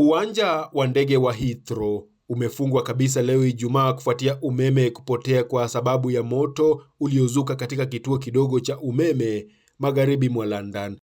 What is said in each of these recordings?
Uwanja wa ndege wa Heathrow umefungwa kabisa leo Ijumaa kufuatia umeme kupotea kwa sababu ya moto uliozuka katika kituo kidogo cha umeme magharibi mwa London.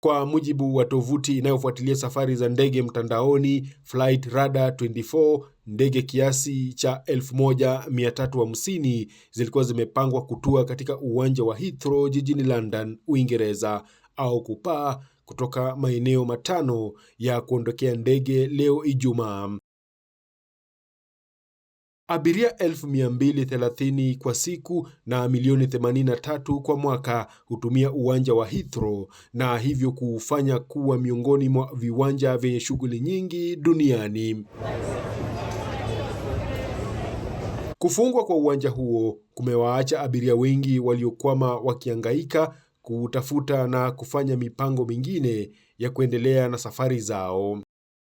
Kwa mujibu wa tovuti inayofuatilia safari za ndege mtandaoni Flight Radar 24, ndege kiasi cha 1350 zilikuwa zimepangwa kutua katika uwanja wa Heathrow jijini London, Uingereza au kupaa kutoka maeneo matano ya kuondokea ndege leo Ijumaa. Abiria 230 kwa siku na milioni 83 kwa mwaka hutumia uwanja wa Heathrow na hivyo kuufanya kuwa miongoni mwa viwanja vyenye shughuli nyingi duniani. Kufungwa kwa uwanja huo kumewaacha abiria wengi waliokwama wakiangaika kutafuta na kufanya mipango mingine ya kuendelea na safari zao.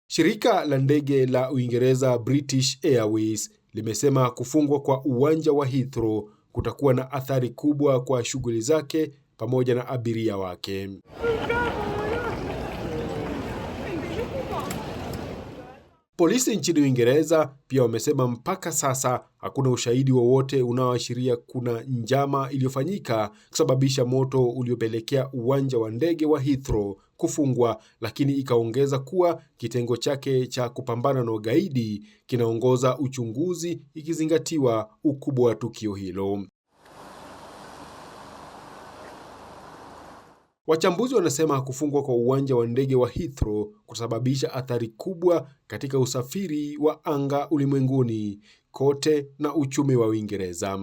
Shirika la ndege la Uingereza British Airways limesema kufungwa kwa uwanja wa Heathrow kutakuwa na athari kubwa kwa shughuli zake pamoja na abiria wake. Polisi nchini Uingereza pia wamesema mpaka sasa hakuna ushahidi wowote unaoashiria kuna njama iliyofanyika kusababisha moto uliopelekea uwanja wa ndege wa Heathrow kufungwa, lakini ikaongeza kuwa kitengo chake cha kupambana na ugaidi kinaongoza uchunguzi ikizingatiwa ukubwa wa tukio hilo. Wachambuzi wanasema kufungwa kwa uwanja wa ndege wa Heathrow kutasababisha athari kubwa katika usafiri wa anga ulimwenguni kote na uchumi wa Uingereza.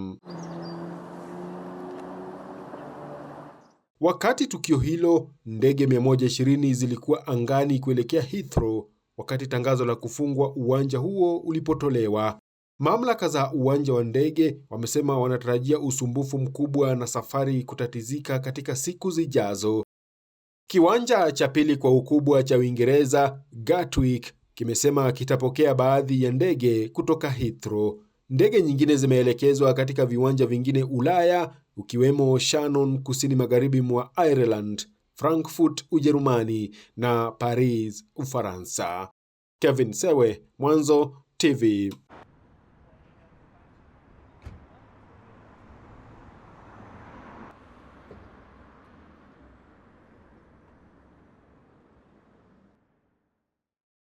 Wakati tukio hilo, ndege 120 zilikuwa angani kuelekea Heathrow wakati tangazo la kufungwa uwanja huo ulipotolewa. Mamlaka za uwanja wa ndege wamesema wanatarajia usumbufu mkubwa na safari kutatizika katika siku zijazo. Kiwanja cha pili kwa ukubwa cha Uingereza, Gatwick, kimesema kitapokea baadhi ya ndege kutoka Heathrow. Ndege nyingine zimeelekezwa katika viwanja vingine Ulaya, ukiwemo Shannon kusini magharibi mwa Ireland, Frankfurt Ujerumani na Paris Ufaransa. Kevin Sewe, Mwanzo TV.